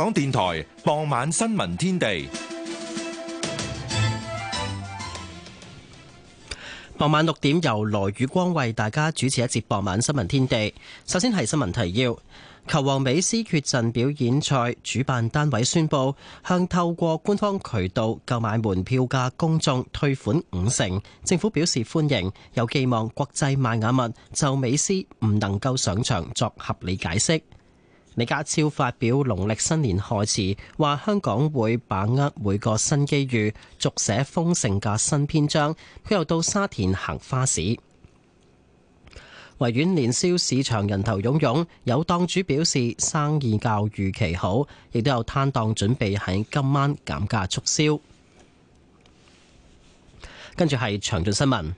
港電台傍晚新聞天地，傍晚六點由羅宇光為大家主持一節傍晚新聞天地。首先係新聞提要：球王美斯缺陣表演賽，主辦單位宣布向透過官方渠道購買門票嘅公眾退款五成。政府表示歡迎，又寄望國際邁阿密就美斯唔能夠上場作合理解釋。李家超發表農曆新年賀詞，話香港會把握每個新機遇，續寫豐盛嘅新篇章。佢又到沙田行花市，維園年宵市場人頭湧湧，有檔主表示生意較預期好，亦都有攤檔準備喺今晚減價促銷。跟住係詳盡新聞。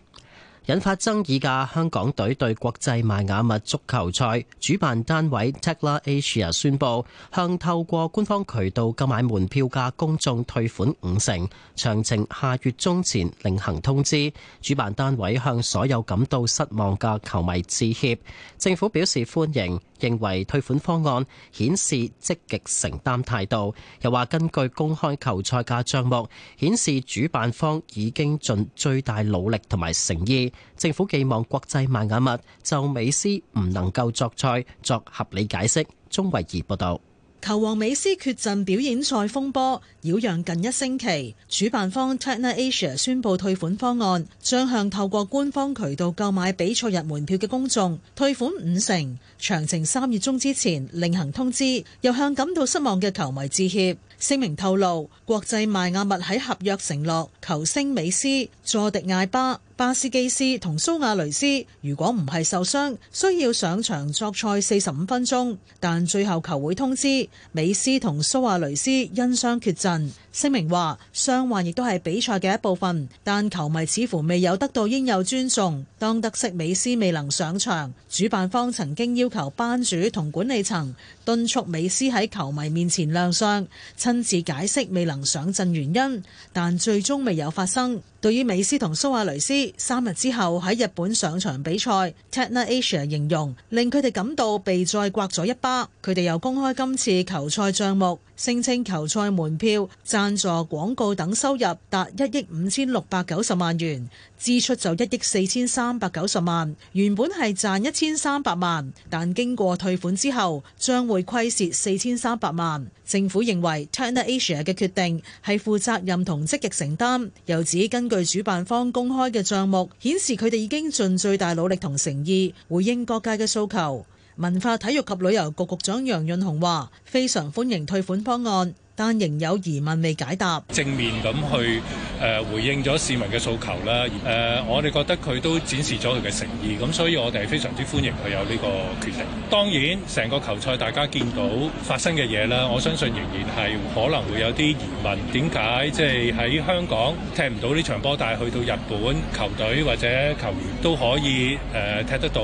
引發爭議嘅香港隊對國際邁阿密足球賽主辦單位 Tatler Asia 宣布，向透過官方渠道購買門票嘅公眾退款五成，詳情下月中前另行通知。主辦單位向所有感到失望嘅球迷致歉。政府表示歡迎，認為退款方案顯示積極承擔態度，又話根據公開球賽嘅賬目顯示，主辦方已經盡最大努力同埋誠意。政府寄望國際邁阿密就美斯唔能夠作賽作合理解釋。鍾慧儀報道，球王美斯缺陣表演賽風波擾攘近一星期，主辦方 Tatler Asia 宣布退款方案，將向透過官方渠道購買比賽日門票嘅公眾退款五成，詳情三月中之前另行通知。又向感到失望嘅球迷致歉，聲明透露國際邁阿密喺合約承諾球星美斯、佐迪艾巴，巴斯基斯同蘇亞雷斯如果唔係受傷，需要上場作賽四十五分鐘，但最後球會通知，美斯同蘇亞雷斯因傷缺陣。聲明話：傷患亦都係比賽嘅一部分，但球迷似乎未有得到應有尊重。當得悉美斯未能上場，主辦方曾經要求班主同管理層敦促美斯喺球迷面前亮相，親自解釋未能上陣原因，但最終未有發生。對於美斯同蘇亞雷斯三日之後喺日本上場比賽，Tatler Asia 形容，令佢哋感到被再刮咗一巴。佢哋又公開今次球賽帳目，聲稱球賽門票贊助廣告等收入達一億五千六百九十萬元，支出就一億四千三百九十萬，原本係賺一千三百萬，但經過退款之後，將會虧蝕四千三百萬。政府認為 Tatler Asia 嘅決定係負責任同積極承擔，又指根據主辦方公開嘅賬目顯示，佢哋已經盡最大努力同誠意回應各界嘅訴求。文化體育及旅遊局局長楊潤雄話：非常歡迎退款方案。但仍有疑問未解答，正面咁去誒回應咗市民嘅訴求啦。誒，我哋覺得佢都展示咗佢嘅誠意，咁所以我哋係非常之歡迎佢有呢個決定。當然，成個球賽大家見到發生嘅嘢啦，我相信仍然係可能會有啲疑問，點解即係喺香港踢唔到呢場波，但係去到日本球隊或者球員都可以誒踢得到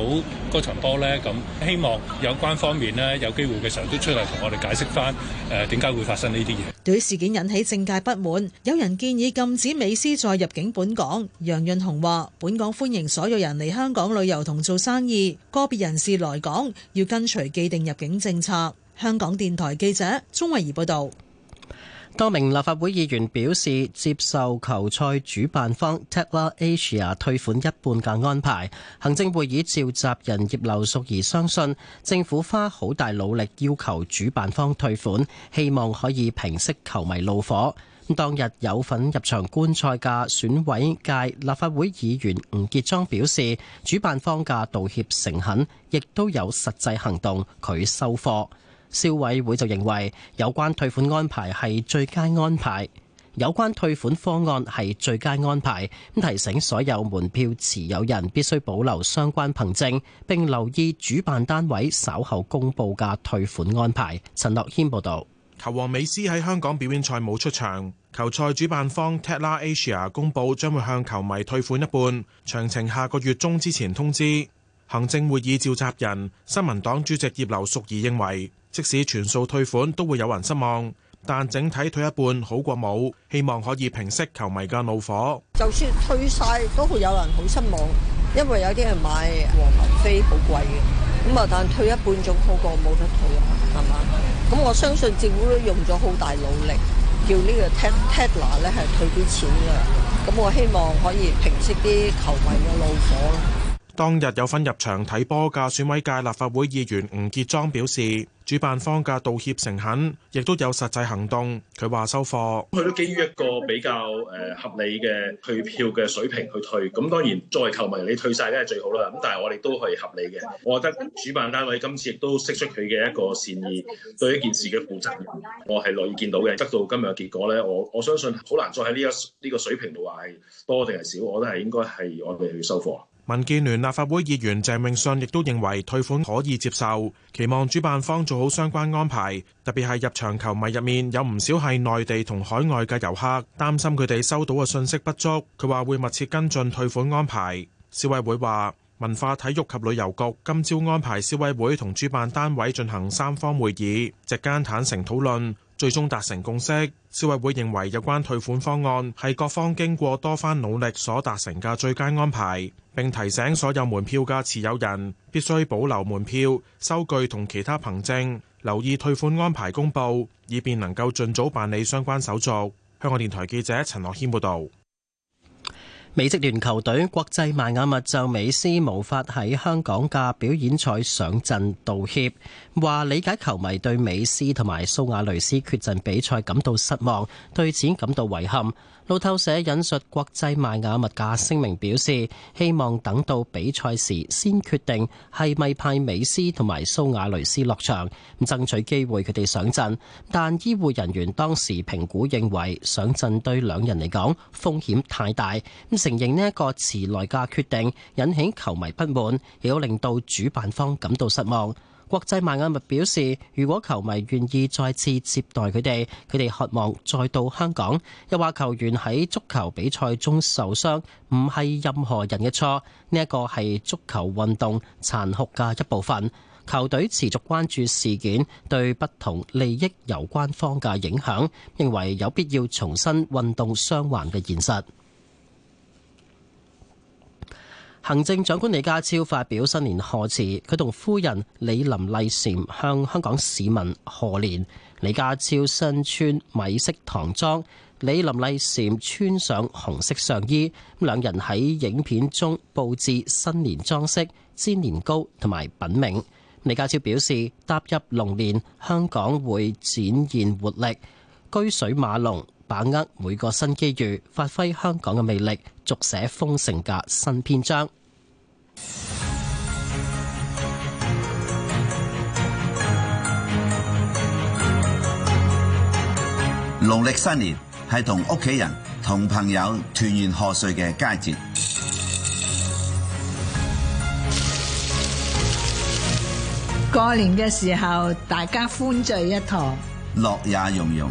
嗰場波咧？咁希望有關方面咧有機會嘅時候都出嚟同我哋解釋翻誒點解會發生。對於事件引起政界不滿，有人建議禁止美斯再入境本港。楊潤雄話：本港歡迎所有人嚟香港旅遊同做生意，個別人士來港要跟隨既定入境政策。香港電台記者鍾慧儀報道。多名立法會議員表示接受球賽主辦方 Tatler Asia 退款一半嘅安排。行政會議召集人葉劉淑儀相信政府花好大努力要求主辦方退款，希望可以平息球迷怒火。當日有份入場觀賽嘅選委界立法會議員吳傑莊表示，主辦方嘅道歉誠懇，亦都有實際行動，佢收貨。消委會就認為有關退款安排係最佳安排，有關退款方案係最佳安排。提醒所有門票持有人必須保留相關憑證，並留意主辦單位稍後公布嘅退款安排。陳樂謙報道。球王美斯喺香港表演賽冇出場，球賽主辦方 Tatler Asia 公布將會向球迷退款一半，詳情下個月中之前通知。行政會議召集人、新聞黨主席葉劉淑儀認為。即使全數退款都會有人失望，但整體退一半好過冇，希望可以平息球迷嘅怒火。就算退晒都會有人好失望，因為有啲人買黃牛飛好貴嘅，咁啊，但退一半仲好過冇得退，係嘛？咁我相信政府都用咗好大努力，叫呢個 Tatler 咧係退啲錢噶，咁我希望可以平息啲球迷嘅怒火。當日有份入場睇波嘅選委界立法會議員吳傑莊表示，主辦方嘅道歉誠懇，亦都有實際行動。佢話收貨，佢都基於一個比較誒合理嘅退票嘅水平去退。咁當然作為球迷，你退晒梗係最好啦。咁但係我哋都係合理嘅。我覺得主辦單位今次亦都釋出佢嘅一個善意，對一件事嘅負責任，我係樂意見到嘅。得到今日嘅結果咧，我我相信好難再喺呢一呢個水平度話係多定係少，我覺得係應該係我哋去收貨。民建聯立法會議員鄭泳舜亦都認為退款可以接受，期望主辦方做好相關安排，特別係入場球迷入面有唔少係內地同海外嘅遊客，擔心佢哋收到嘅信息不足。佢話會密切跟進退款安排。消委會話，文化體育及旅遊局今朝安排消委會同主辦單位進行三方會議，席間坦誠討論。最終達成共識，消委會認為有關退款方案係各方經過多番努力所達成嘅最佳安排，並提醒所有門票嘅持有人必須保留門票、收據同其他憑證，留意退款安排公佈，以便能夠盡早辦理相關手續。香港電台記者陳樂軒報導。美職聯球隊國際邁亞密就美斯無法喺香港嘅表演賽上陣道歉，話理解球迷對美斯同埋蘇亞雷斯缺陣比賽感到失望，對此感到遺憾。路透社引述國際邁阿密嘅聲明表示，希望等到比賽時先決定係咪派美斯同埋蘇亞雷斯落場，爭取機會佢哋上陣。但醫護人員當時評估認為上陣對兩人嚟講風險太大，咁承認呢一個遲來嘅決定引起球迷不滿，亦都令到主辦方感到失望。國際邁阿密表示，如果球迷願意再次接待佢哋，佢哋渴望再到香港。又話球員喺足球比賽中受傷，唔係任何人嘅錯，呢一個係足球運動殘酷嘅一部分。球隊持續關注事件對不同利益有關方嘅影響，認為有必要重新運動傷患嘅現實。行政長官李家超發表新年賀詞，佢同夫人李林麗嬋向香港市民賀年。李家超身穿米色唐裝，李林麗嬋穿上紅色上衣，咁兩人喺影片中佈置新年裝飾、煎年糕同埋品茗。李家超表示，踏入龍年，香港會展現活力、居水馬龍。把握每個新機遇，發揮香港嘅魅力，續寫豐盛嘅新篇章。農曆新年係同屋企人、同朋友團圓賀歲嘅佳節。過年嘅時候，大家歡聚一堂，樂也融融。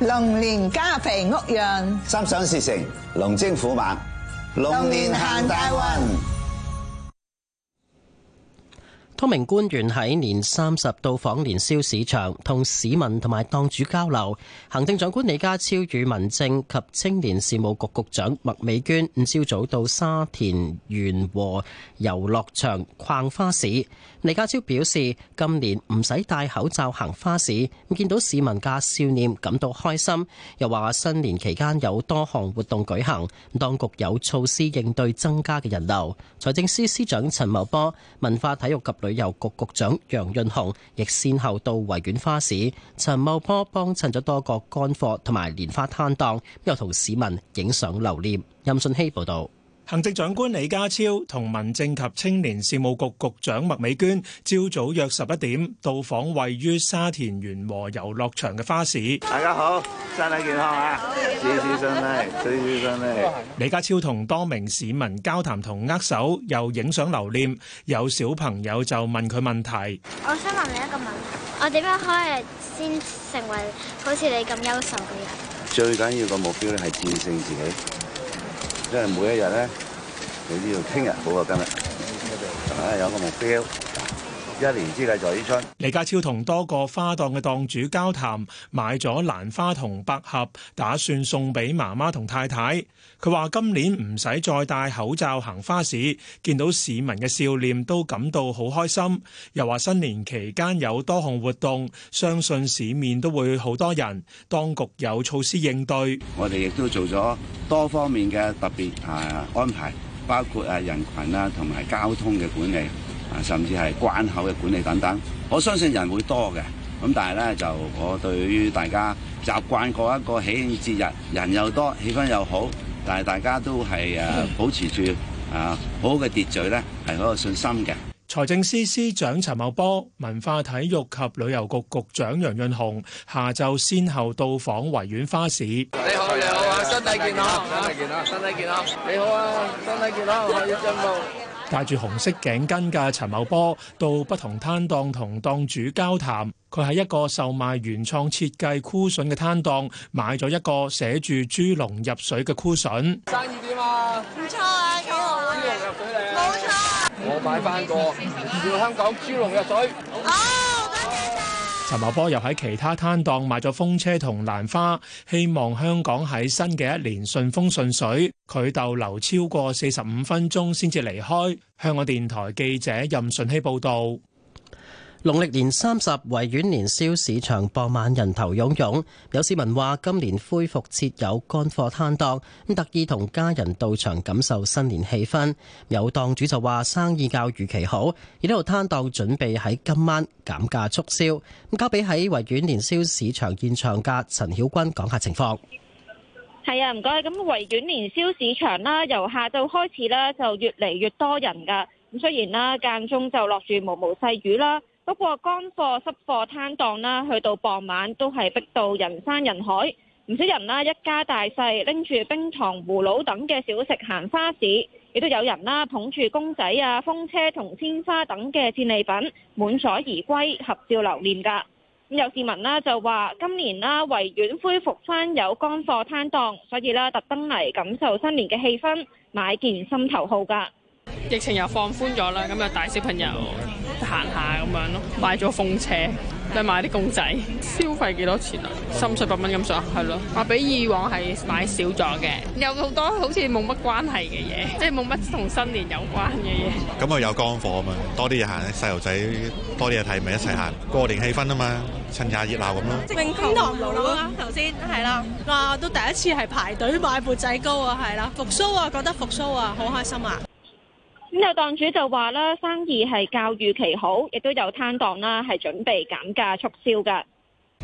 龍年家肥屋潤，心想事成，龍精虎猛，龍年行大運。多名官員喺年三十到訪年宵市場，同市民同埋檔主交流。行政長官李家超與民政及青年事務局局長麥美娟午朝早到沙田源禾遊樂場逛花市。李家超表示，今年唔使戴口罩行花市，見到市民嘅笑臉感到開心。又話新年期間有多項活動舉行，當局有措施應對增加嘅人流。財政司司長陳茂波、文化體育及旅遊局局長楊潤雄亦先後到維園花市。陳茂波幫襯咗多個乾貨同埋蓮花攤檔，又同市民影相留念。任信希報道。行政長官李家超同民政及青年事務局局長麥美娟朝早約十一點到訪位於沙田源禾遊樂場嘅花市。大家好，身體健康啊！Cheers！李家超同多名市民交談同握手，又影相留念。有小朋友就問佢問題。我想問你一個問題，我點樣可以先成為好似你咁優秀嘅人？最緊要嘅目標咧，係戰勝自己。即係每一日呢，你都要聽日好過今日，係嘛？有個目標。一年之計在於春。李家超同多個花檔嘅檔主交談，買咗蘭花同百合，打算送俾媽媽同太太。佢話：今年唔使再戴口罩行花市，見到市民嘅笑臉都感到好開心。又話新年期間有多項活動，相信市面都會好多人。當局有措施應對，我哋亦都做咗多方面嘅特別安排，包括人群呀同埋交通嘅管理。啊，甚至係關口嘅管理等等，我相信人會多嘅。咁但係咧，就我對於大家習慣過一個喜慶節日，人又多，氣氛又好，但係大家都係誒、嗯、保持住啊好好嘅秩序咧，係好有信心嘅。財政司，司司長陳茂波、文化體育及旅遊局局，局長楊潤雄下晝先後到訪維園花市。你好，你好啊，好好身體健康，身體健康，身體健康，你好啊，身體健康，我要進步。戴住紅色頸巾嘅陳茂波到不同攤檔同檔主交談，佢喺一個售賣原創設計揮春嘅攤檔買咗一個寫住豬籠入水嘅揮春。生意點啊？唔錯啊，幾好啊！豬籠入水嚟！冇錯。我買翻個香港豬籠入水。陳茂波又喺其他攤檔買咗風車同蘭花，希望香港喺新嘅一年順風順水。佢逗留超過四十五分鐘先至離開。香港電台記者任順熙報道。農曆年三十，維園年宵市場傍晚人頭湧湧，有市民話今年恢復設有乾貨攤檔，咁特意同家人到場感受新年氣氛。有檔主就話生意較預期好，而呢度攤檔準備喺今晚減價促銷。咁交俾喺維園年宵市場現場嘅陳曉君講下情況。係啊，唔該。咁維園年宵市場啦，由下晝開始啦，就越嚟越多人噶。咁雖然啦，間中就落住毛毛細雨啦。不過乾貨、濕貨攤檔啦，去到傍晚都係逼到人山人海，唔少人啦，一家大細拎住冰糖葫蘆等嘅小食行花市，亦都有人啦，捧住公仔啊、風車同鮮花等嘅戰利品滿載而歸，合照留念噶。咁有市民呢就話今年啦維園恢復翻有乾貨攤檔，所以啦特登嚟，感受新年嘅氣氛，買件心頭好噶。疫情又放寬咗啦，咁就帶小朋友行下咁樣咯，買咗風車，再買啲公仔，消費幾多錢啊？三千八蚊咁數啊，係咯，話比以往係買少咗嘅，有好多好似冇乜關係嘅嘢，即係冇乜同新年有關嘅嘢。咁咪有乾貨啊嘛，多啲嘢行，細路仔多啲嘢睇，咪一齊行過年氣氛啊嘛，趁下熱鬧咁咯。天堂樓啊，頭先係啦，啊都第一次係排隊買缽仔糕啊，係啦，復甦啊，覺得復甦啊，好開心啊！咁有檔主就話咧，生意係較預期好，亦都有攤檔啦，係準備減價促銷㗎。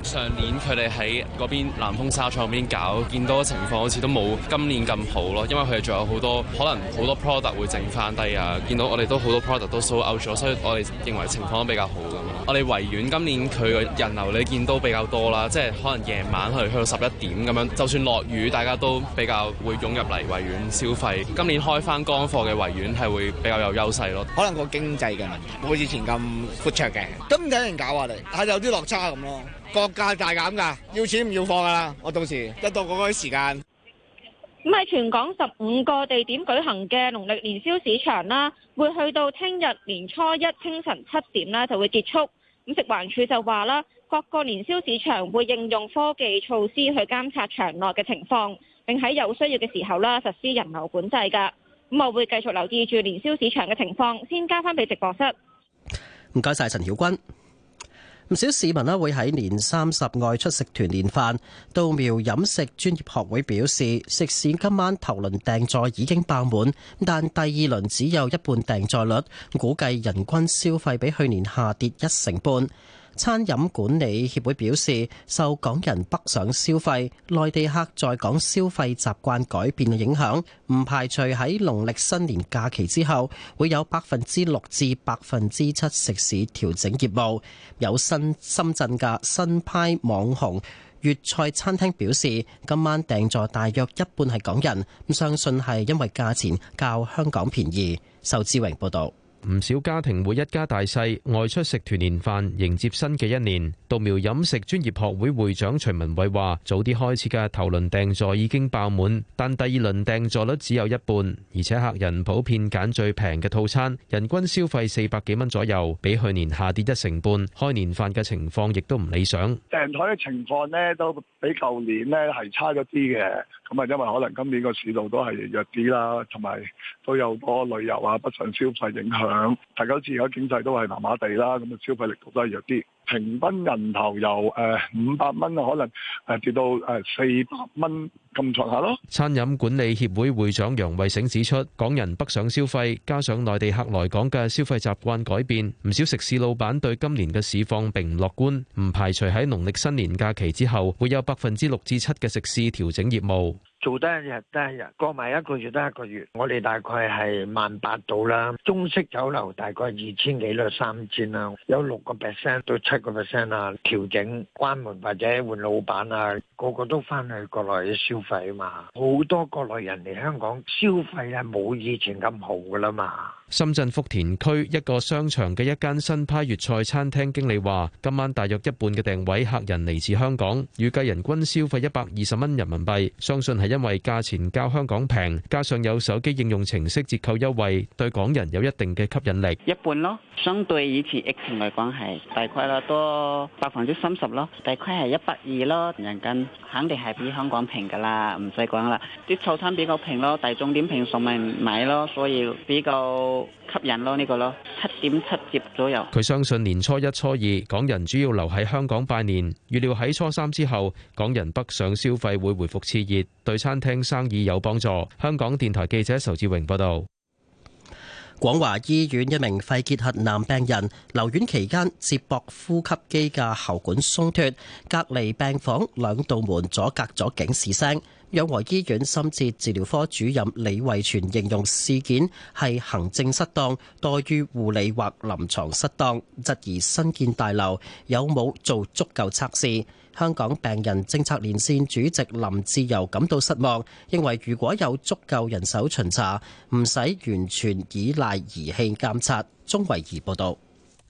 上年佢哋喺嗰邊南豐紗廠嗰邊搞，見到嘅情況好似都冇今年咁好咯。因為佢哋仲有好多可能好多 product 會剩翻低啊。見到我哋都好多 products 都 sold out 咗，所以我哋認為情況都比較好噶嘛。我哋維園今年佢嘅人流你見到比較多啦，即係可能夜晚去去到十一點咁樣，就算落雨，大家都比較會湧入嚟維園消費。今年開翻乾貨嘅維園係會比較有優勢咯。可能個經濟嘅問題冇以前咁闊綽嘅。咁有人搞啊？你係有啲落差咁咯。降價大減噶，要錢唔要貨噶啦！我到時一到嗰個時間，咁喺全港十五個地點舉行嘅農曆年宵市場啦，會去到聽日年初一清晨七點咧就會結束。咁食環署就話啦，各個年宵市場會應用科技措施去監察場內嘅情況，並喺有需要嘅時候啦實施人流管制噶。咁我會繼續留意住年宵市場嘅情況，先交翻俾直播室。唔該晒陳曉君。唔少市民咧會喺年三十外出食團年飯。稻苗飲食專業學會表示，食肆今晚頭輪訂座已經爆滿，但第二輪只有一半訂座率，估計人均消費比去年下跌一成半。餐飲管理協會表示，受港人北上消費內地客在港消費習慣改變嘅影響，唔排除喺農曆新年假期之後會有百分之六至百分之七食肆調整業務，有新深圳嘅新派網紅粵菜餐廳表示，今晚訂座大約一半係港人，相信係因為價錢較香港便宜。仇志榮報道。唔少家庭會一家大細外出食團年飯，迎接新嘅一年。稻苗飲食專業學會會長徐文偉話：早啲開始嘅頭輪訂座已經爆滿，但第二輪訂座率只有一半，而且客人普遍揀最平嘅套餐，人均消費四百幾蚊左右，比去年下跌一成半。開年飯嘅情況亦都唔理想，訂台嘅情況呢，都比舊年呢係差咗啲嘅。咁啊，因為可能今年個市道都係弱啲啦，同埋都有多旅遊啊、北上消費影響，大家好似而家經濟都係麻麻地啦，咁啊消費力度都係弱啲。平均人頭由誒五百蚊可能誒跌到誒四百蚊咁上下咯。餐飲管理協會會長楊偉醒指出，港人北上消費，加上內地客來港嘅消費習慣改變，唔少食肆老闆對今年嘅市況並唔樂觀，唔排除喺農曆新年假期之後，會有百分之六至七嘅食肆調整業務。.做得一日得一日，過埋一個月得一個月。我哋大概係萬八到啦，中式酒樓大概二千幾到三千啦，有六個 percent 到七個 percent 啊。調整、關門或者換老闆啊，個個都翻去國內消費啊嘛。好多國內人嚟香港消費咧，冇以前咁好噶啦嘛。深圳福田區一個商場嘅一間新派粵菜餐廳經理話今晚大約一半嘅訂位客人嚟自香港，預計人均消費一百二十蚊人民幣，相信係一。因為價錢較香港平，加上有手機應用程式折扣優惠，對港人有一定嘅吸引力。一半咯，相對以前疫情嚟講係大概啦，多百分之三十咯，大概係一百二咯，人均肯定係比香港平噶啦，唔使講啦，啲套餐比較平咯，大眾點評上咪買咯，所以比較。吸引咯呢個咯七點七折左右。佢相信年初一、初二，港人主要留喺香港拜年，預料喺初三之後，港人北上消費會回復熾熱，對餐廳生意有幫助。香港電台記者仇志榮報道。廣華醫院一名肺結核男病人留院期間，接駁呼吸機嘅喉管鬆脫，隔離病房兩道門阻隔咗警示聲。養和醫院深切治療科主任李惠全形容事件係行政失當，多於護理或臨床失當，質疑新建大樓有冇做足夠測試。香港病人政策連線主席林志由感到失望，認為如果有足夠人手巡查，唔使完全依賴儀器監測。鍾慧儀報道。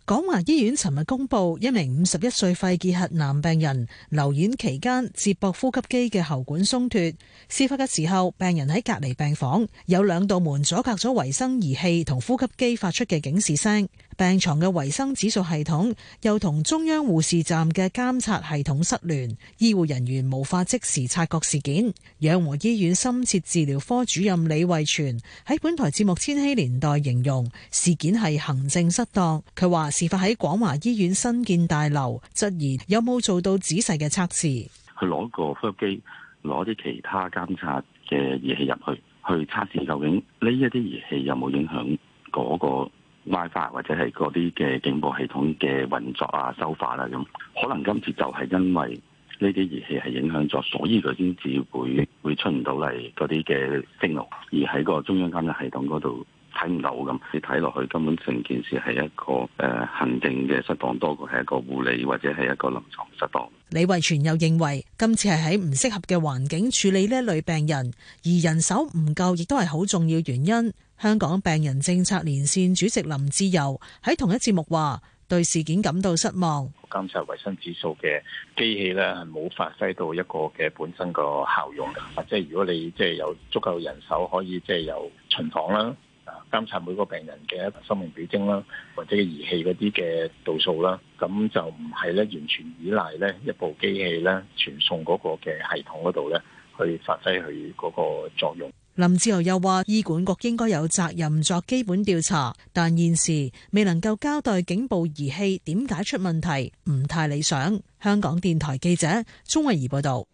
港華醫院尋日公布，一名五十一歲肺結核男病人留院期間接駁呼吸機嘅喉管鬆脫，事發嘅時候，病人喺隔離病房，有兩道門阻隔咗維生儀器同呼吸機發出嘅警示聲。病床嘅衛生指數系統又同中央護士站嘅監察系統失聯，醫護人員無法即時察覺事件。養和醫院深切治療科主任李慧全喺本台節目《千禧年代》形容事件係行政失當。佢話事發喺廣華醫院新建大樓，質疑有冇做到仔細嘅測試。去攞個呼吸機，攞啲其他監察嘅儀器入去，去測試究竟呢一啲儀器有冇影響嗰個。WiFi 或者係嗰啲嘅警報系統嘅運作啊、收發啦咁，可能今次就係因為呢啲儀器係影響咗，所以佢先至會會出唔到嚟嗰啲嘅 signal，而喺個中央監測系統嗰度睇唔到咁，你睇落去根本成件事係一個誒行政嘅失當，多過係一個護理或者係一個臨床失當。李慧泉又認為，今次係喺唔適合嘅環境處理呢一類病人，而人手唔夠亦都係好重要原因。香港病人政策連線主席林志友喺同一節目話，對事件感到失望。監測衛生指數嘅機器咧，係冇發揮到一個嘅本身個效用嘅。即係如果你即係有足夠人手，可以即係由巡房啦，啊，監測每個病人嘅一個生命表徵啦，或者儀器嗰啲嘅度數啦，咁就唔係咧完全依賴咧一部機器咧傳送嗰個嘅系統嗰度咧去發揮佢嗰個作用。林志豪又話：醫管局應該有責任作基本調查，但現時未能夠交代警報儀器點解出問題，唔太理想。香港電台記者鍾慧儀報道。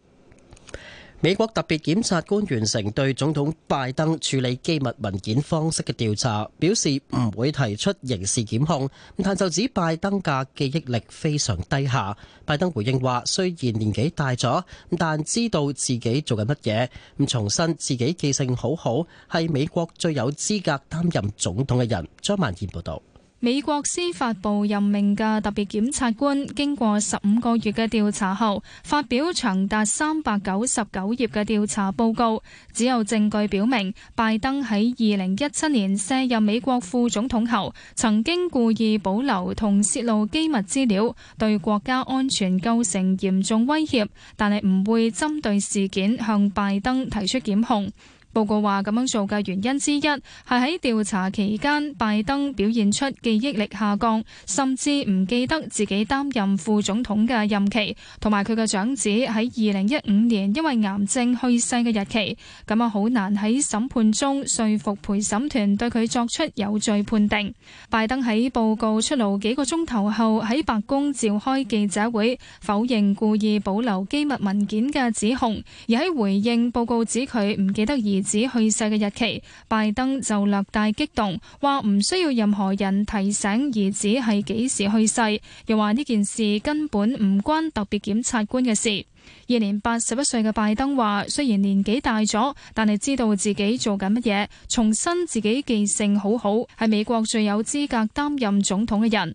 美國特別檢察官完成對總統拜登處理機密文件方式嘅調查，表示唔會提出刑事檢控，但就指拜登嘅記憶力非常低下。拜登回應話：雖然年紀大咗，但知道自己做緊乜嘢，咁重申自己記性好好，係美國最有資格擔任總統嘅人。張曼燕報道。美國司法部任命嘅特別檢察官，經過十五個月嘅調查後，發表長達三百九十九頁嘅調查報告，只有證據表明拜登喺二零一七年卸任美國副總統後，曾經故意保留同洩露機密資料，對國家安全構成嚴重威脅，但係唔會針對事件向拜登提出檢控。報告話咁樣做嘅原因之一係喺調查期間，拜登表現出記憶力下降，甚至唔記得自己擔任副總統嘅任期，同埋佢嘅長子喺二零一五年因為癌症去世嘅日期。咁啊，好難喺審判中說服陪審團對佢作出有罪判定。拜登喺報告出爐幾個鐘頭後喺白宮召開記者會，否認故意保留機密文件嘅指控，而喺回應報告指佢唔記得二子去世嘅日期，拜登就略帶激動，話唔需要任何人提醒兒子係幾時去世，又話呢件事根本唔關特別檢察官嘅事。現年八十一歲嘅拜登話，雖然年紀大咗，但係知道自己做緊乜嘢，重申自己記性好好，係美國最有資格擔任總統嘅人。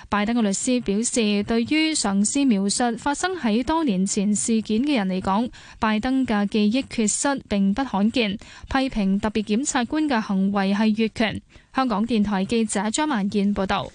拜登嘅律師表示，對於上司描述發生喺多年前事件嘅人嚟講，拜登嘅記憶缺失並不罕見，批評特別檢察官嘅行為係越權。香港電台記者張曼燕報導。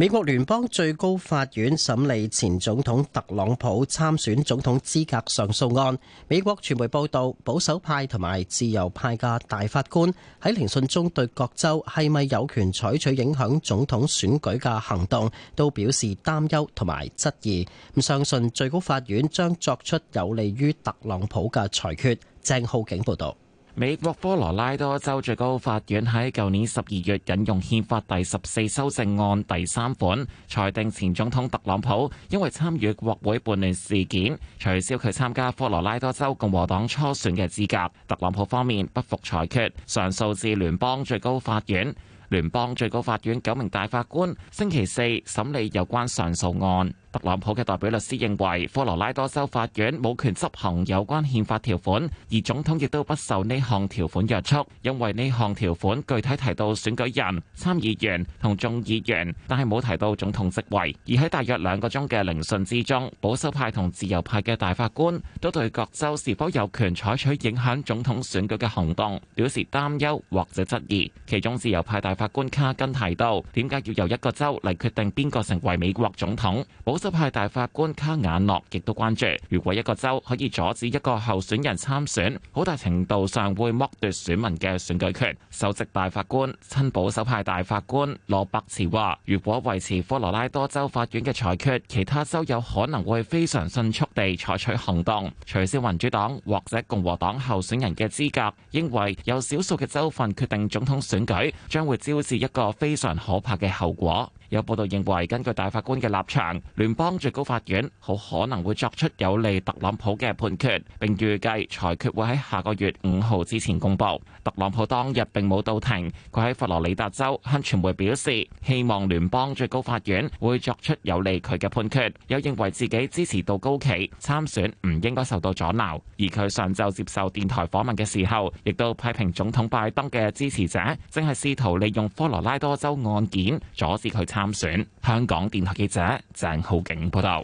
美國聯邦最高法院審理前總統特朗普參選總統資格上訴案。美國傳媒報道，保守派同埋自由派嘅大法官喺聆訊中對各州係咪有權採取影響總統選舉嘅行動，都表示擔憂同埋質疑。咁相信最高法院將作出有利於特朗普嘅裁決。鄭浩景報道。美國科羅拉多州最高法院喺舊年十二月引用憲法第十四修正案第三款，裁定前總統特朗普因為參與國會叛亂事件，取消佢參加科羅拉多州共和黨初選嘅資格。特朗普方面不服裁決，上訴至聯邦最高法院。聯邦最高法院九名大法官星期四審理有關上訴案。特朗普嘅代表律師認為，科羅拉多州法院冇權執行有關憲法條款，而總統亦都不受呢項條款約束，因為呢項條款具體提到選舉人、參議員同眾議員，但係冇提到總統席位。而喺大約兩個鐘嘅聆訊之中，保守派同自由派嘅大法官都對各州是否有權採取影響總統選舉嘅行動表示擔憂或者質疑。其中自由派大法官卡根提到：點解要由一個州嚟決定邊個成為美國總統？保保守派大法官卡瓦諾亦都關注，如果一個州可以阻止一個候選人參選，好大程度上會剝奪選民嘅選舉權。首席大法官、親保守派大法官羅伯茨話：如果維持科羅拉多州法院嘅裁決，其他州有可能會非常迅速地採取行動，取消民主黨或者共和黨候選人嘅資格，因為有少數嘅州份決定總統選舉，將會招致一個非常可怕嘅後果。有報道認為，根據大法官嘅立場，聯邦最高法院好可能會作出有利特朗普嘅判決，並預計裁決會喺下個月五號之前公佈。特朗普當日並冇到庭，佢喺佛羅里達州向傳媒表示，希望聯邦最高法院會作出有利佢嘅判決，又認為自己支持度高企參選唔應該受到阻撓。而佢上晝接受電台訪問嘅時候，亦都批評總統拜登嘅支持者正係試圖利用科羅拉多州案件阻止佢參參選。香港電台記者鄭浩景報道。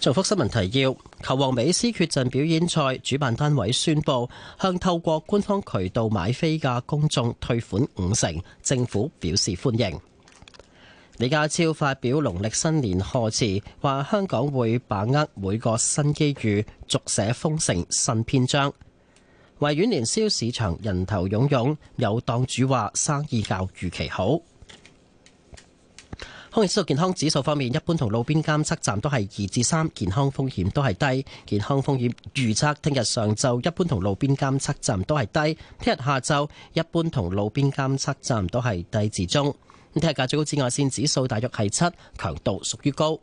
重複新聞提要：球王美斯缺陣表演賽，主辦單位宣布向透過官方渠道買飛嘅公眾退款五成，政府表示歡迎。李家超發表農曆新年賀詞，話香港會把握每個新機遇，續寫豐盛新篇章。維園年宵市場人頭涌涌，有檔主話生意較預期好。空氣質素健康指數方面，一般同路邊監測站都係二至三，健康風險都係低。健康風險預測聽日上晝一般同路邊監測站都係低，聽日下晝一般同路邊監測站都係低至中。咁聽日嘅最高紫外線指數大約係七，強度屬於高。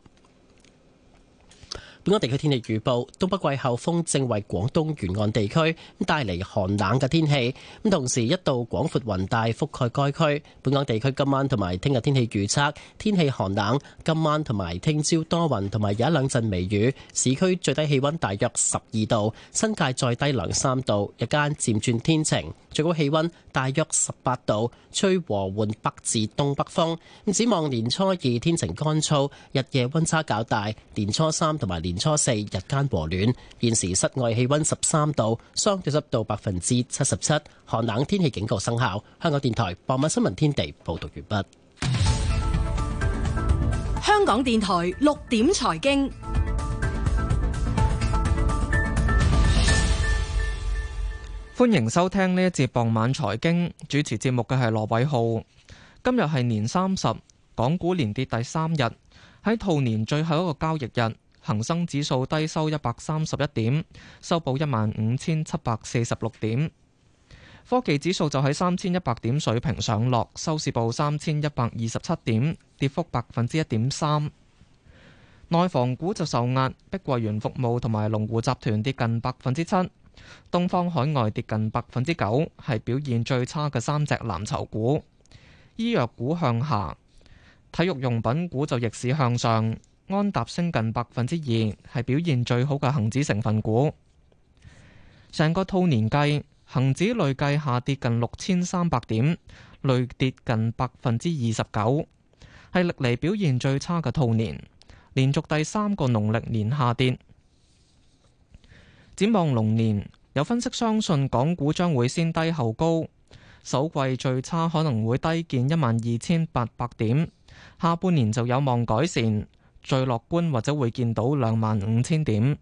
本港地區天氣預報：東北季候風正為廣東沿岸地區帶嚟寒冷嘅天氣，咁同時一道廣闊雲帶覆蓋該區。本港地區今晚同埋聽日天氣預測：天氣寒冷，今晚同埋聽朝多雲同埋有一兩陣微雨。市區最低氣溫大約十二度，新界再低兩三度，日間漸轉天晴，最高氣溫大約十八度，吹和緩北至東北風。咁展望年初二天，天晴乾燥，日夜溫差較大。年初三同埋年初四日間和暖，現時室外氣溫十三度，相對濕度百分之七十七，寒冷天氣警告生效。香港電台傍晚新聞天地報道完畢。香港電台六點財經，歡迎收聽呢一節傍晚財經。主持節目嘅係羅偉浩。今日係年三十，港股連跌第三日，喺兔年最後一個交易日。恒生指數低收一百三十一點，收報一萬五千七百四十六點。科技指數就喺三千一百點水平上落，收市報三千一百二十七點，跌幅百分之一點三。內房股就受壓，碧桂園服務同埋龍湖集團跌近百分之七，東方海外跌近百分之九，係表現最差嘅三隻藍籌股。醫藥股向下，體育用品股就逆市向上。安踏升近百分之二，係表現最好嘅恒指成分股。成個兔年計，恒指累計下跌近六千三百點，累跌近百分之二十九，係歷嚟表現最差嘅兔年，連續第三個農曆年下跌。展望龍年，有分析相信港股將會先低後高，首季最差可能會低見一萬二千八百點，下半年就有望改善。最樂觀或者會見到兩萬五千點。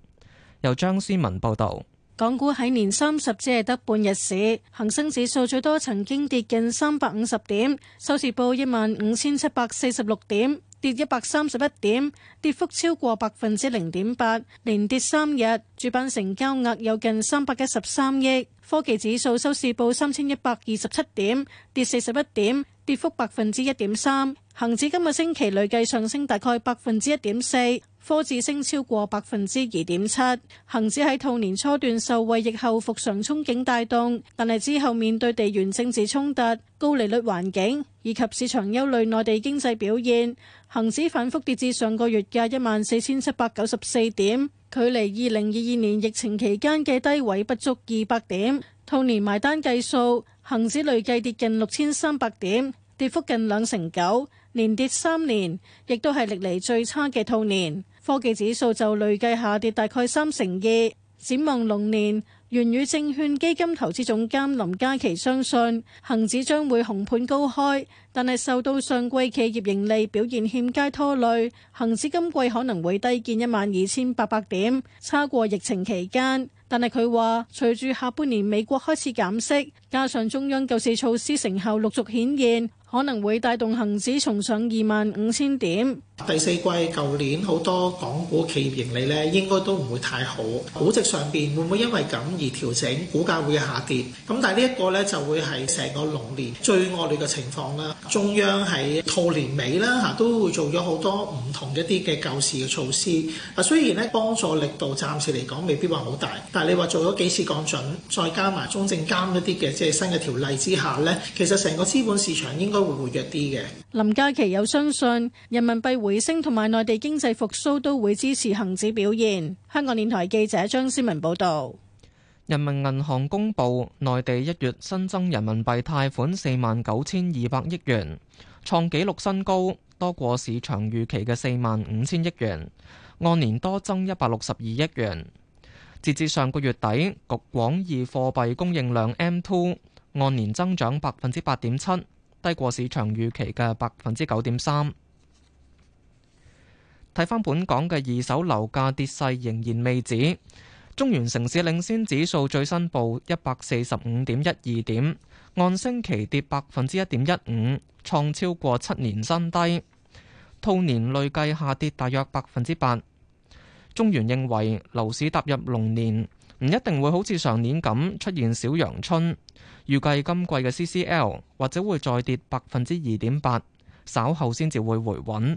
由張思文報導，港股喺年三十只係得半日市，恒生指數最多曾經跌近三百五十點，收市報一萬五千七百四十六點，跌一百三十一點，跌幅超過百分之零點八，連跌三日。主板成交額有近三百一十三億，科技指數收市報三千一百二十七點，跌四十一點。跌幅百分之一點三，恒指今個星期累計上升大概百分之一點四，科指升超過百分之二點七。恒指喺兔年初段受惠疫後復常憧憬帶動，但係之後面對地緣政治衝突、高利率環境以及市場憂慮內地經濟表現，恒指反覆跌至上個月嘅一萬四千七百九十四點，距離二零二二年疫情期間嘅低位不足二百點。兔年埋單計數，恒指累計跌近六千三百點，跌幅近兩成九，連跌三年，亦都係歷嚟最差嘅兔年。科技指數就累計下跌大概三成二。展望龍年。元宇證券基金投資總監林嘉琪相信，恒指將會紅盤高開，但係受到上季企業盈利表現欠佳拖累，恒指今季可能會低見一萬二千八百點，差過疫情期間。但係佢話，隨住下半年美國開始減息，加上中央救市措施成效陸續顯現。可能會帶動恆指重上二萬五千點。第四季舊年好多港股企業盈利咧，應該都唔會太好。估值上邊會唔會因為咁而調整？股價會下跌。咁但係呢一個咧就會係成個龍年最惡劣嘅情況啦。中央喺兔年尾啦嚇，都會做咗好多唔同一啲嘅救市嘅措施。啊，雖然咧幫助力度暫時嚟講未必話好大，但係你話做咗幾次降準，再加埋中證監一啲嘅即係新嘅條例之下咧，其實成個資本市場應該，都會活躍啲嘅。林嘉琪有相信人民幣回升同埋內地經濟復甦都會支持恒指表現。香港電台記者張思文報道，人民銀行公布內地一月新增人民幣貸款四萬九千二百億元，創紀錄新高，多過市場預期嘅四萬五千億元，按年多增一百六十二億元。截至上個月底，局廣義貨幣供應量 M two 按年增長百分之八點七。低過市場預期嘅百分之九點三。睇返本港嘅二手樓價跌勢仍然未止，中原城市領先指數最新報一百四十五點一二點，按星期跌百分之一點一五，創超過七年新低，兔年累計下跌大約百分之八。中原認為樓市踏入龍年，唔一定會好似上年咁出現小陽春。預計今季嘅 CCL 或者會再跌百分之二點八，稍後先至會回穩。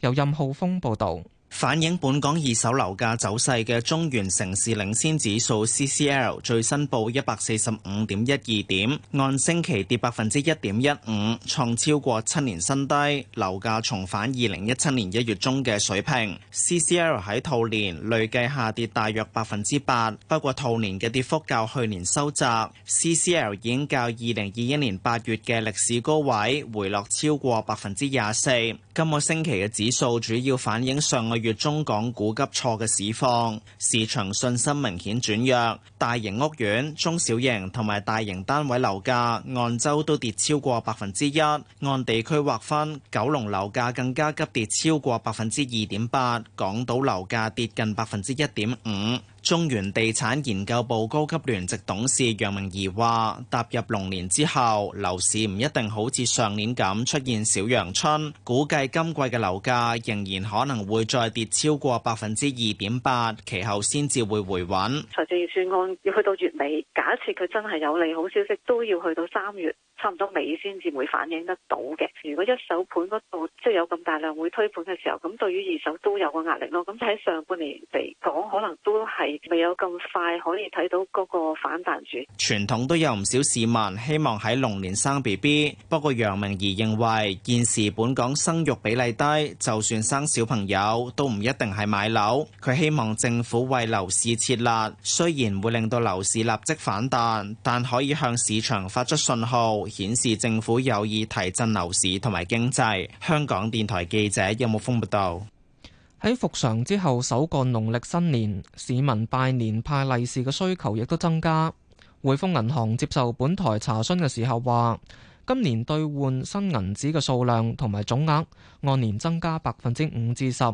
由任浩峰報導。反映本港二手樓價走勢嘅中原城市領先指數 CCL 最新報一百四十五點一二點，按星期跌百分之一點一五，創超過七年新低，樓價重返二零一七年一月中嘅水平。CCL 喺兔年累計下跌大約百分之八，不過兔年嘅跌幅較去年收窄。CCL 已經較二零二一年八月嘅歷史高位回落超過百分之廿四，今個星期嘅指數主要反映上個月月中港股急挫嘅市況，市場信心明顯轉弱。大型屋苑、中小型同埋大型單位樓價，按周都跌超過百分之一。按地區劃分，九龍樓價更加急跌超過百分之二點八，港島樓價跌近百分之一點五。中原地產研究部高級聯席董事楊明儀話，踏入龍年之後，樓市唔一定好似上年咁出現小陽春，估計今季嘅樓價仍然可能會再跌超過百分之二點八，其後先至會回穩。財政預算案要去到月尾，假設佢真係有利好消息，都要去到三月。差唔多尾先至會反映得到嘅。如果一手盤嗰度即係有咁大量會推盤嘅時候，咁對於二手都有個壓力咯。咁喺上半年嚟講，可能都係未有咁快可以睇到嗰個反彈住。傳統都有唔少市民希望喺龍年生 BB，不過楊明儀認為現時本港生育比例低，就算生小朋友都唔一定係買樓。佢希望政府為樓市設立，雖然會令到樓市立即反彈，但可以向市場發出信號。顯示政府有意提振樓市同埋經濟。香港電台記者任木峯報道，喺復常之後首個農曆新年，市民拜年派利是嘅需求亦都增加。匯豐銀行接受本台查詢嘅時候話，今年兌換新銀紙嘅數量同埋總額按年增加百分之五至十。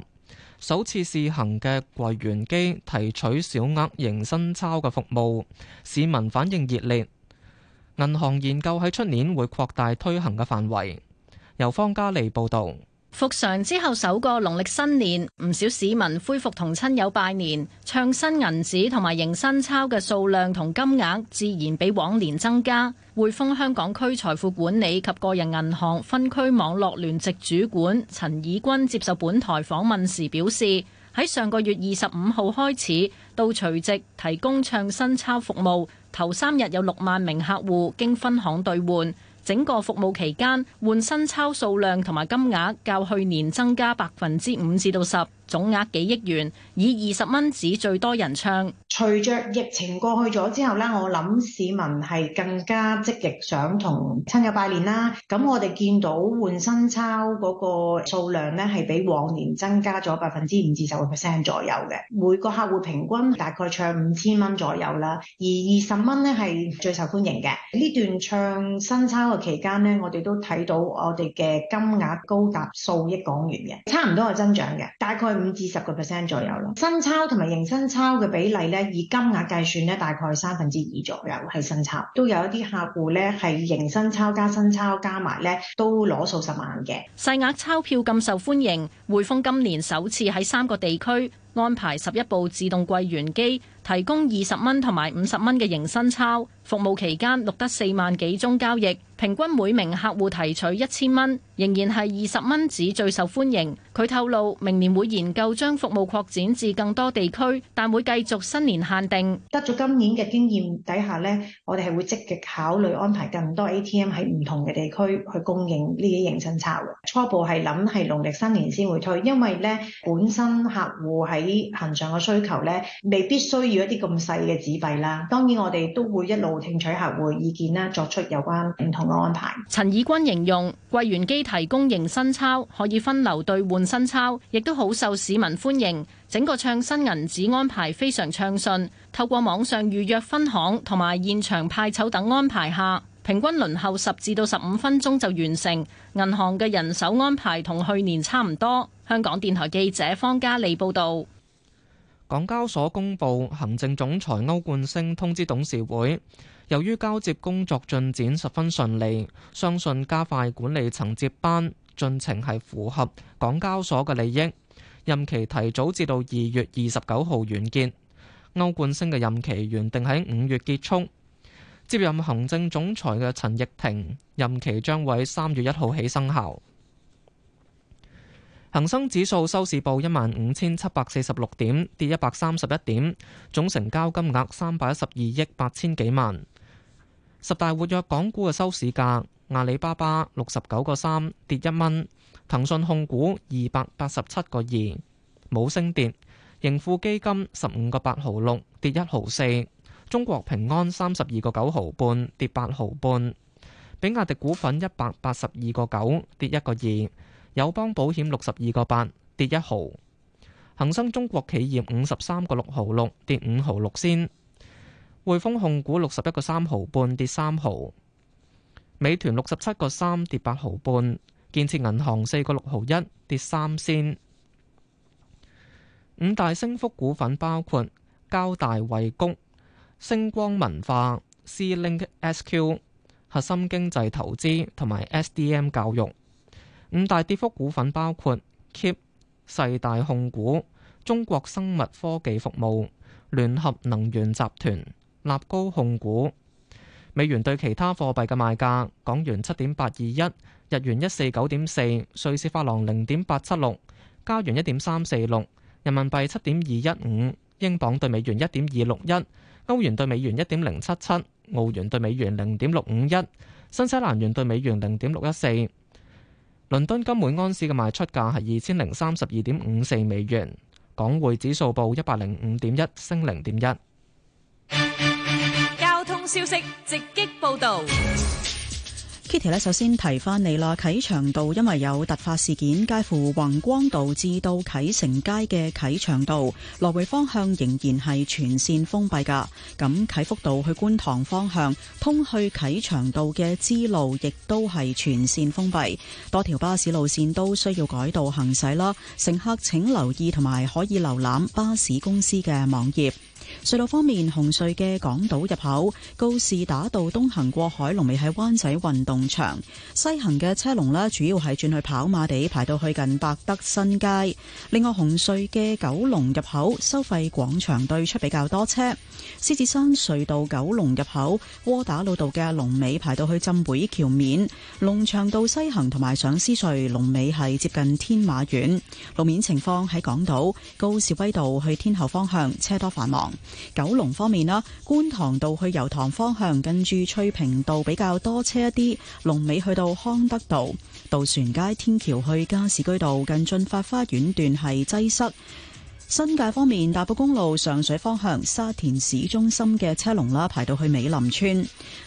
首次試行嘅櫃員機提取小額型新鈔嘅服務，市民反應熱烈。銀行研究喺出年會擴大推行嘅範圍。由方嘉利報道，復常之後首個農曆新年，唔少市民恢復同親友拜年，唱新銀紙同埋迎新鈔嘅數量同金額自然比往年增加。匯豐香港區財富管理及個人銀行分區網絡聯席主管陳以軍接受本台訪問時表示，喺上個月二十五號開始到除夕提供唱新鈔服務，頭三日有六萬名客戶經分行兌換，整個服務期間換新鈔數量同埋金額較去年增加百分之五至到十。總額幾億元，以二十蚊紙最多人唱。隨着疫情過去咗之後咧，我諗市民係更加積極想同親友拜年啦。咁我哋見到換新鈔嗰個數量咧，係比往年增加咗百分之五至十個 percent 左右嘅。每個客戶平均大概唱五千蚊左右啦。而二十蚊咧係最受歡迎嘅。呢段唱新鈔嘅期間咧，我哋都睇到我哋嘅金額高達數億港元嘅，差唔多係增長嘅，大概。五至十個 percent 左右啦，新鈔同埋迎新鈔嘅比例咧，以金額計算咧，大概三分之二左右係新鈔，都有一啲客戶咧係迎新鈔加新鈔加埋咧，都攞數十萬嘅細額鈔票咁受歡迎，匯豐今年首次喺三個地區安排十一部自動櫃員機，提供二十蚊同埋五十蚊嘅迎新鈔。服務期間錄得四萬幾宗交易，平均每名客戶提取一千蚊，仍然係二十蚊紙最受歡迎。佢透露明年會研究將服務擴展至更多地區，但會繼續新年限定。得咗今年嘅經驗底下呢，我哋係會積極考慮安排更多 ATM 喺唔同嘅地區去供應呢啲營生策略。初步係諗係農曆新年先會推，因為呢本身客戶喺恆常嘅需求呢，未必需要一啲咁細嘅紙幣啦。當然我哋都會一路。聽取客戶意見啦，作出有關唔同嘅安排。陳以君形容，櫃員機提供迎新鈔，可以分流兌換新鈔，亦都好受市民歡迎。整個唱新銀紙安排非常暢順，透過網上預約分行同埋現場派籌等安排下，平均輪候十至到十五分鐘就完成。銀行嘅人手安排同去年差唔多。香港電台記者方嘉利報道。港交所公布行政總裁歐冠昇通知董事會。由於交接工作進展十分順利，相信加快管理層接班進程係符合港交所嘅利益。任期提早至到二月二十九號完結。歐冠昇嘅任期原定喺五月結束，接任行政總裁嘅陳翊庭任期將喺三月一號起生效。恒生指數收市報一萬五千七百四十六點，跌一百三十一點，總成交金額三百一十二億八千幾萬。十大活躍港股嘅收市價，阿里巴巴六十九個三跌一蚊，騰訊控股二百八十七個二冇升跌，盈富基金十五個八毫六跌一毫四，中國平安三十二個九毫半跌八毫半，比亞迪股份一百八十二個九跌一個二，友邦保險六十二個八跌一毫，恒生中國企業五十三個六毫六跌五毫六先。匯豐控股六十一個三毫半跌三毫，美團六十七個三跌八毫半，建設銀行四個六毫一跌三仙。五大升幅股份包括交大惠谷、星光文化、Clink S Q、核心經濟投資同埋 S D M 教育。五大跌幅股份包括 Keep、世大控股、中國生物科技服務、聯合能源集團。立高控股，美元對其他貨幣嘅賣價：港元七點八二一，日元一四九點四，瑞士法郎零點八七六，加元一點三四六，人民幣七點二一五，英鎊對美元一點二六一，歐元對美元一點零七七，澳元對美元零點六五一，新西蘭元對美元零點六一四。倫敦金每安士嘅賣出價係二千零三十二點五四美元，港匯指數報一百零五點一，升零點一。消息直擊報道，Kitty 咧，首先提翻你啦。啟祥道因為有突發事件，介乎宏光道至到啟成街嘅啟祥道來回方向仍然係全線封閉噶。咁啟福道去觀塘方向通去啟祥道嘅支路亦都係全線封閉，多條巴士路線都需要改道行駛啦。乘客請留意同埋可以瀏覽巴士公司嘅網頁。隧道方面，紅隧嘅港島入口告士打道東行過海龍尾喺灣仔運動場，西行嘅車龍咧主要係轉去跑馬地，排到去近百德新街。另外，紅隧嘅九龍入口收費廣場對出比較多車。獅子山隧道九龍入口窩打老道嘅龍尾排到去浸會橋面，龍翔道西行同埋上獅隧龍尾係接近天馬苑。路面情況喺港島告士威道去天后方向車多繁忙。九龍方面啦，觀塘道去油塘方向近住翠屏道比較多車一啲，龍尾去到康德道，渡船街天橋去加士居道近駿發花園段係擠塞。新界方面，大埔公路上水方向沙田市中心嘅車龍啦，排到去美林邨。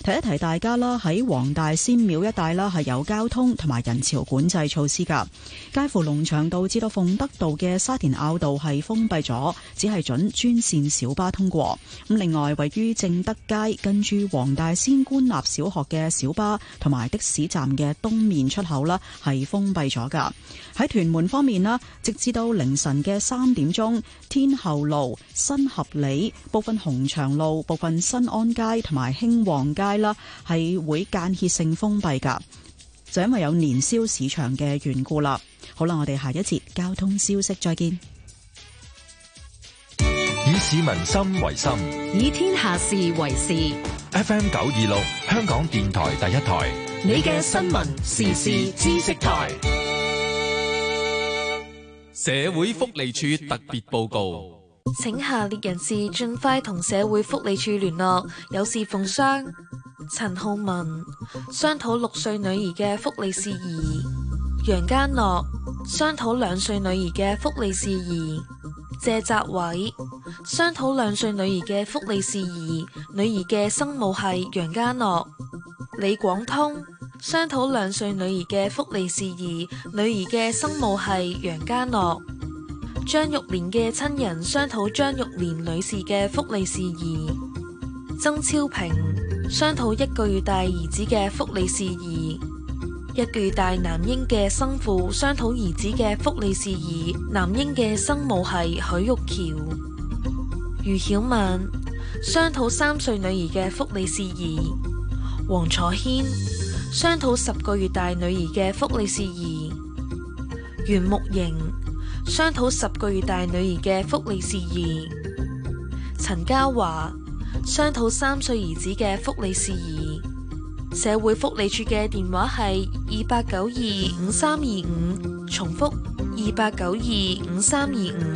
提一提大家啦，喺黃大仙廟一帶啦，係有交通同埋人潮管制措施噶。介乎農場道至到鳳德道嘅沙田坳道係封閉咗，只係准專線小巴通過。咁另外，位於正德街跟住黃大仙官立小學嘅小巴同埋的士站嘅東面出口啦，係封閉咗噶。喺屯門方面啦，直至到凌晨嘅三點鐘。天后路、新合里、部分紅長路、部分新安街同埋興旺街啦，係會間歇性封閉噶，就因為有年宵市場嘅緣故啦。好啦，我哋下一節交通消息再見。以市民心為心，以天下事為事。FM 九二六，香港電台第一台，你嘅新聞時事知識台。社會福利處特別報告，請下列人士盡快同社會福利處聯絡，有事奉商：陳浩文，商討六歲女兒嘅福利事宜；楊家樂，商討兩歲女兒嘅福利事宜；謝澤偉，商討兩歲女兒嘅福利事宜。女兒嘅生母係楊家樂，李廣通。商討兩歲女兒嘅福利事宜，女兒嘅生母係楊家樂。張玉蓮嘅親人商討張玉蓮女士嘅福利事宜。曾超平商討一個月大兒子嘅福利事宜。一個月大男嬰嘅生父商討兒子嘅福利事宜，男嬰嘅生母係許玉橋。余曉曼商討三歲女兒嘅福利事宜。黃楚軒，商討十個月大女兒嘅福利事宜，袁木瑩商討十個月大女兒嘅福利事宜，陳嘉華商討三歲兒子嘅福利事宜。社會福利署嘅電話係二八九二五三二五，25，重複二八九二五三二五。